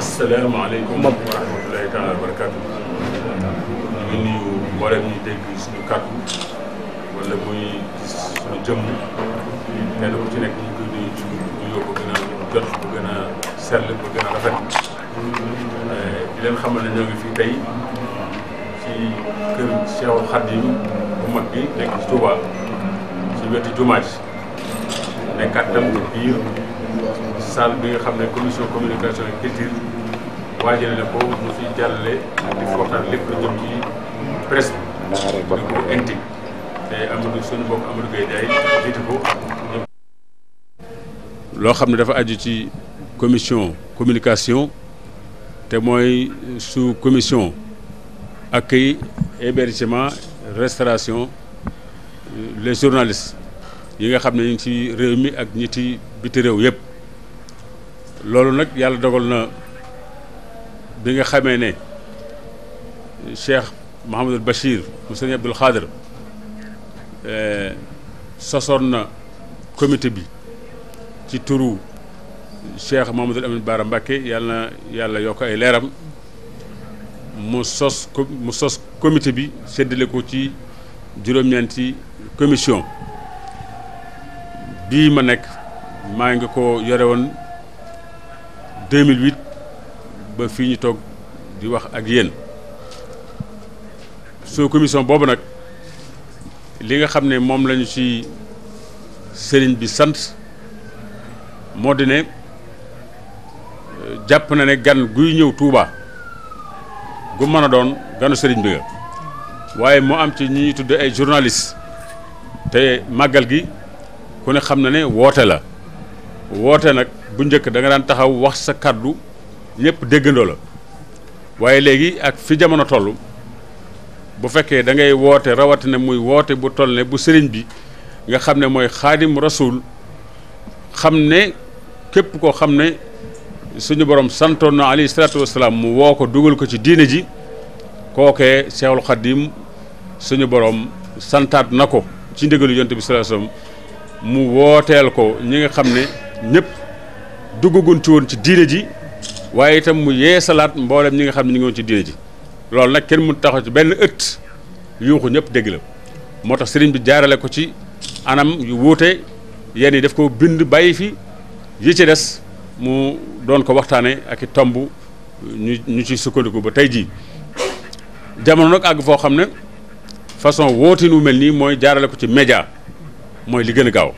asalaamaaleykum wa rahmatulahi taala wa barakaatu ñu nuyu mboolem ñu dégg suñu kàddu wala muy suñu jëmm kenn ku ci nekk ñu koy nuyu ci nuyoo bu gën a jot bu gën a sell bu gën a rafet eh, di leen xamal ne ñoo ngi fii tey ci kër Cheikh Khadim bu mag bi nekk ci Touba ci wetu jumaa ji nekkaat tam ci biir salle bi nga xam ne commission communication et culture waajale na ko mu fi jàllale di waxtaan lépp lu xam ne dafa aju ci commission communication te mooy sous commission accueil hébergement euh, les journalistes yi nga xam ne ñu ci réew mi ak ñi ci biti réew yëpp loolu nag yàlla dogal na bi nga xamee ne Cheikh Mouhamadul Bachir mu sëriñ Abdul Xaadir eh, sosoon na comité bi ci turu Cheikh Mouhamadul Amin Baara Mbacke yàlla yàlla yokk ay leeram mu sos mu comité bi séddale ko ci juróom-ñeenti commission bii ma nekk maa ngi ko yore woon. 2008 ba fii ñu toog di wax ak yéen soo commission boobu nag li nga xam ne moom lañu ci sëriñ bi sant moo di ne euh, jàpp na ne gan guy ñëw Touba gu mën a doon ganu sëriñ bi nga waaye moo am ci ñu ñuy tudd ay journaliste te màggal gi ku ne xam na ne woote la woote nag bu njëkk danga daan taxaw wax sa kàddu ñëpp déggandoo la waaye léegi ak fi jamono toll bu fekkee da ngay woote rawatina muy woote bu toll ne bu sëriñ bi nga xam ne mooy xaadim rasul xam ne képp koo xam ne suñu borom santoon na alayhi salaatu mu woo ko dugal ko ci diine ji kookee Seexul Xaadim suñu borom santaat na ko ci ndigalu yonte bi sallallahu alayhi mu wooteel ko ñi nga xam ne ñëpp duggagun ci woon ci diine ji waaye itam mu salaat mboolem ñi nga xam ne ñu ngi woon ci diine ji loolu nag kenn mu tax ci benn ëtt yuuxu ñëpp dégg la moo tax sëriñ bi jaarale ko ci anam yu wuute yenn yi def ko bind bàyyi fi yi ci des mu doon ko waxtaane ak i tomb ñu ñu ci sukkandiku ba tey jii jamono nag àgg foo xam ne façon wootin wu mel nii mooy jaarale ko ci média mooy li gën a gaaw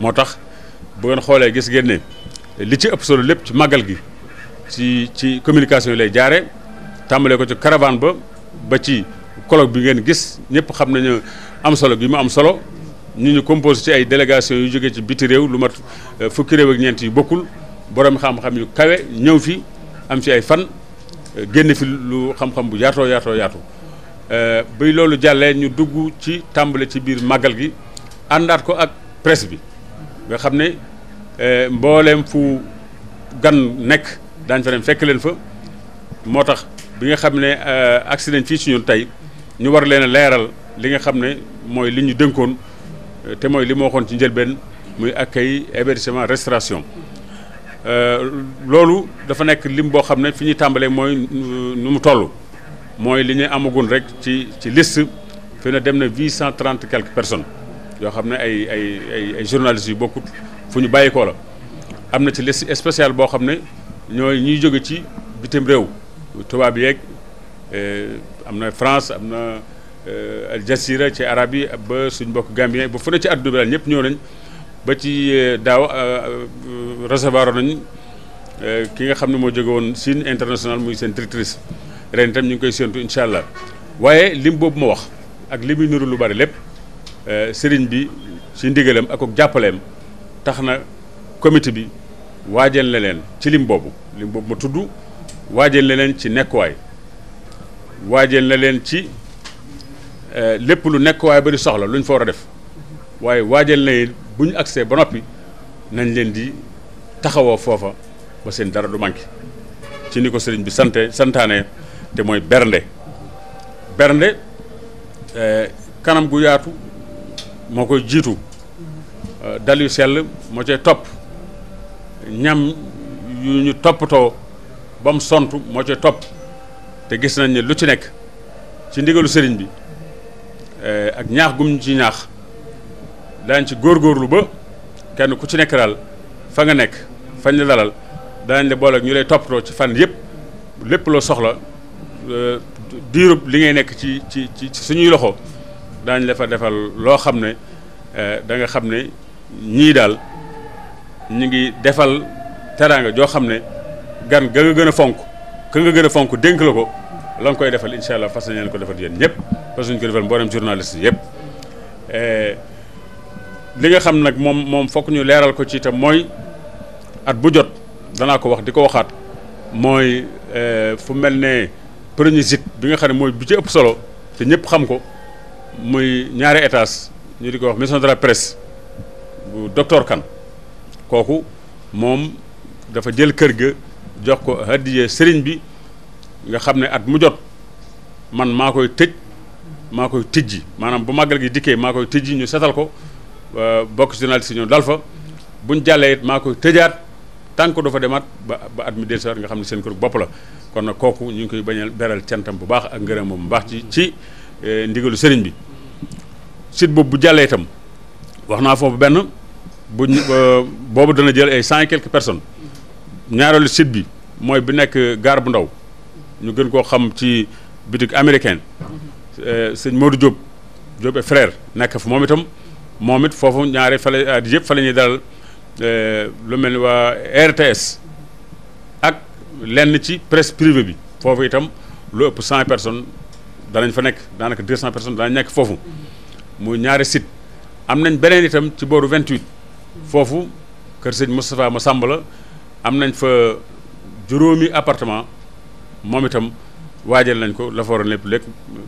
moo tax bu ngeen xoolee gis ngeen li ci ëpp solo lépp ci màggal gi ci ci communication yi lay jaare tàmbalee ko ci caravane ba ba ci colloque bi ngeen gis ñëpp xam nañu am solo bi mu am solo ñu ñu composé ci ay délégation yu jógee ci biti réew lu mat euh, fukki réew ak ñeent yu bokkul borom xam-xam yu kawe ñëw fi am ci ay fan euh, génn fi lu xam-xam bu yaatoo yaatoo yaatu euh, bi loolu jàllee ñu dugg ci tàmbale ci biir màggal gi àndaat ko ak presse bi nga xam ne Eh, mbooleem fu gan nekk daañu fa dem fekk leen fa moo tax bi nga xam ne eh, agsi nañ fii si tey ñu war leen a leeral li nga xam ne mooy li ñu dënkoon eh, te mooy li ma waxoon ci njëlbeen muy ak accueil hébergement restauration loolu dafa nekk lim boo xam ne fi ñuy tàmbalee mooy nu mu toll mooy li ñuy amagun rek ci ci list fi na dem na huit cent trente quelque personne yoo xam ne ay ay ay ay journalistes yu bokkut fu ñu bàyyikoo la am na ci liste spéciale boo xam ne ñooy ñuy jóge ci bitim réew tubaab yeeg eh, am na France am na eh, Al Jazeera ci arab yi ba suñ mbokk Gambien ba fu ne ci àdduna bi daal ñëpp ñoo nañ ba ci eh, daaw recevoir nañ ki nga xam ne moo jóge woon Chine international muy seen directrice ren itam ñu ngi koy séentu incha allah waaye lim boobu ma wax ak li muy niru lu bari lépp sëriñ bi ci ndigalam ak ak jàppaleem. tax na comité bi waajal na leen ci lim boobu lim boobu ma tudd waajal na leen ci nekkuwaay waajal na leen ci euh, lépp lu nekkuwaay ba di soxla luñ ñu fa a def waaye waajal na bu ñu agsee ba noppi nañ leen di taxawoo foofa ba seen dara du manqué ci ni ko sëriñ bi sante santaane te mooy bernde bernde euh, kanam gu yaatu moo koy jiitu Euh, dal yu sell moo cay topp ñam yu ñu toppatoo ba mu sont moo ci topp te gis nañ ne lu ci nekk ci ndigalu sëriñ bi euh, ak ñaax gum ci ñaax daañ ci góor góorlu ba kenn ku ci nekk daal fa nga nekk fañ la dalal daañ la boole ñu lay toppatoo ci fan yëpp lépp loo soxla euh, diirub li ngay nekk ci ci ci suñuy loxo daañ la fa defal loo xam ne da nga xam ne ñii daal ñu ngi defal teraanga joo xam ne gan ga nga gën a fonk ka nga gën a fonk dénk la ko la koy defal incha allah fas nañ ko defal yéen ñëpp fas nañ ko defal mboolem journaliste eh, li nga xam nag moom moom fokk ñu leeral ko ci itam mooy at bu jot danaa ko wax di ko waxaat mooy eh, fu mel ne premier site bi nga xam ne mooy bi ci ëpp solo te ñëpp xam ko muy ñaari étage ñu di ko wax maison de la presse. bu docteur kan kooku moom dafa jël kër ga jox ko hadiye sëriñ bi nga xam ne at mu man maa koy tëj maa koy tijji maanaam bu màggal gi dikkee maa koy tijji ñu setal ko euh, bokk journaliste ñu dal fa buñ jàllee it maa koy tëjaat tànk dafa demaat ba ba at mi dellusiwaat nga xam ne seen këru bopp la kon nag kooku ñu ngi koy bañal beral cantam bu baax ak ngërëm moom bu baax ci ci euh, ndigalu sëriñ bi sit boobu bu jàllee itam. wax naa foofu benn bu boobu dana jël ay cent et quelques personnes ñaareelu site bi mooy bi nekk gaar bu ndaw ñu gën koo xam ci boutique américaine euh, sëñ Modou Diop jóob et frère nekk fa moom itam moom it foofu ñaare fa la yëpp fa la ñuy dalal euh, lu mel ni waa RTS ak lenn ci presse privée bi foofu itam lu ëpp cent personnes danañ fa nekk daanaka deux cent personnes danañ nekk foofu mu ñaari site am nañ beneen itam ci booru vingt 28 foofu kër sëñ ma sàmba la am nañ fa juróomi appartement moom itam waajal nañ ko la fa waroon lépp lépp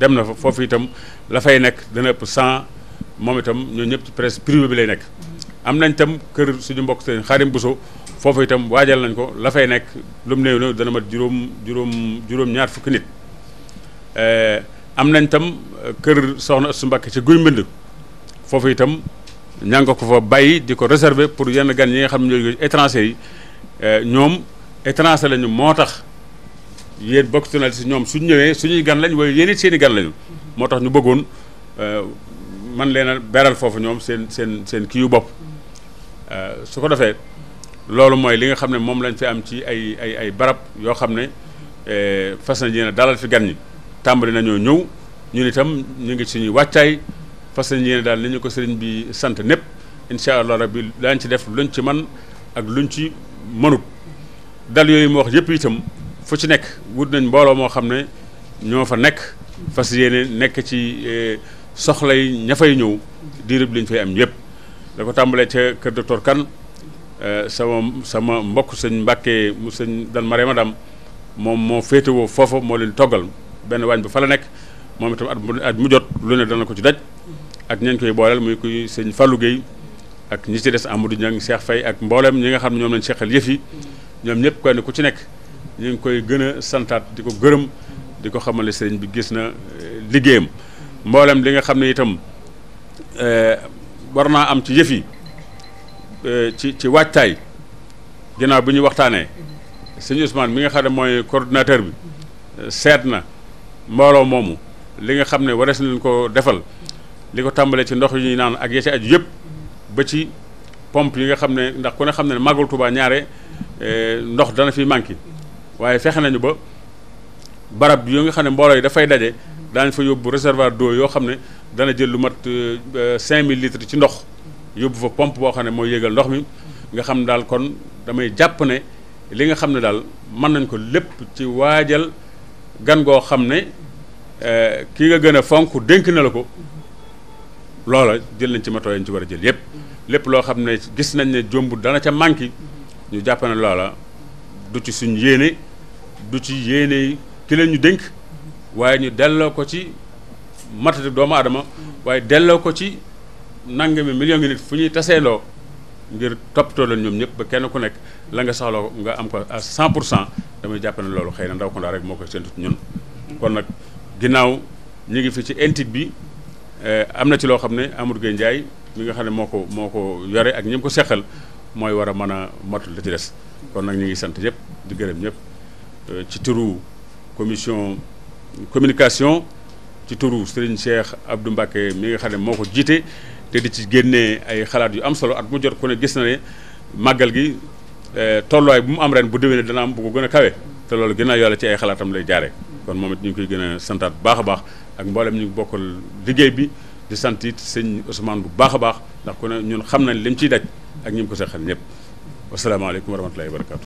dem na fa foofu itam la fay nekk dana ëpp 100 moom itam ñooñu ñëpp ci presse privé bi lay nekk. am nañ itam kër suñu mbokk sëñ Xaarim Bousso foofu itam waajal nañ ko la fay nekk lu mu néew dana mat juróom juróom juróom-ñaar fukki nit eh, am nañ tam kër soxna su Mbacké ca Guy Mbind foofu itam ña nga ko fa bàyyi di ko réserver pour yenn gan yi nga xam ne ñooy étranger yi eh, ñoom étranger lañu moo tax yéen bokk si ñoom suñ ñëwee suñuy gan lañu waaye yéen it seen gan lañu. moo tax ñu bëggoon eh, man leen beral foofu ñoom seen seen seen kii yu bopp eh, su ko defee loolu mooy li nga xam ne moom lañ fi am ci ay ay ay barab yoo xam ne fas na yéen a dalal fi gan ñi tàmbali nañoo ñëw ñun itam ñu ngi suñuy wàccaay. fas nañ yéene daal li ñu ko sëriñ bi sant népp incha allah bi daañu ci def luñ ci man ak luñ ci mënut dal yooyu mu wax yëpp itam fu ci nekk wut nañ mbooloo moo xam ne ñoo fa nekk fas yéene nekk ci e, soxla yi ña fay ñëw diirib bi ñu fay am yëpp da ko tàmbalee ca kër docteur Kane e, sama sama mbokk sëñ Mbàkke mu sëñ dal mare madam moom moo féetewoo foofa moo leen toggal benn waañ bu fa la nekk moom itam at mu at mu jot lu ne dana ko ci daj ak ñañ koy booleel muy kuy sëñ Fallou Gueye ak ñi ci des Amadou Niang Cheikh Faye ak mboolem ñi nga xam ne ñoom lañ seqal yëf yi ñoom ñëpp kenn ku ci nekk ñu ngi koy gën a santaat di ko gërëm di ko xamale sëriñ bi gis na eh, liggéeyam mboolem li nga xam ne itam eh, war am ci yëf yi eh, ci ci waajtaay ginnaaw bi ñu waxtaanee sëñ Ousmane mi nga xam ne mooy coordinateur bi seet na mbooloo moomu li nga xam ne warees lañ ko defal li ko tàmbalee ci ndox yi ñuy naan ak ya ci aju yëpp ba ci pompe yi nga xam ne ndax ku ne xam ne màggal Tuubaa ñaare eh, ndox dana fi manqué waaye fexe nañu ba barab yoo nga xam ne mbooloo yi dafay daje daañu fa yóbbu réservoir d'eau yoo xam ne dana jël lu mat 5000 eh, litres ci ndox yóbbu fa pompe boo xam ne mooy yëgal ndox mi nga xam ne daal kon damay jàpp ne li nga xam ne daal mën nañ ko lépp ci waajal gan goo xam ne eh, kii nga gën a fonk dénk na la ko loola jël nañ ci matoo yañ ci war a jël yépp lépp loo xam ne gis nañ ne jombul dana ca manqué ñu jàpp ne loola du ci suñ yéene du ci yéene ki leen ñu dénk waaye ñu delloo ko ci matati doomu aadama waaye delloo ko ci nangami million ngi nit fu ñuy taseeloo ngir toppatoo leen ñoom ñëpp ba kenn ku nekk la nga soxla nga am ko à 100 pour cent damay jàpp ne loolu xëy na ndaw ko ndaw rek moo koy séntu ñun. kon nag ginnaaw ñu ngi fi ci entité bi. Eh, am na ci loo xam ne Amadou Gueye Ndiaye mi nga xam ne moo ko moo ko yore ak ñi ko sexal mooy war a mën a matul la ci des kon nag ñu ngi sant yëpp di gërëm ñëpp eh, ci turu commission communication ci turu Serigne Cheikh Abdou Mbacke mi nga xam ne moo ko jiite te di ci génnee ay xalaat yu am solo at mu jot ku ne gis na ne màggal gi eh, tolluwaay bu mu am ren bu déwénee dana am bu ko gën a kawe te loolu gën yàlla ci ay xalaatam lay jaare kon moom it ñu koy gën a santaat bu baax a baax ak mboolem ñu bokkal liggéey bi di sant it sëñ Ousmane bu baax a baax ndax ku ne ñun xam nañ li mu ciy daj ak ñi mu ko seqal ñëpp wasalaamaaleykum wa rahmatullahi wa barakatu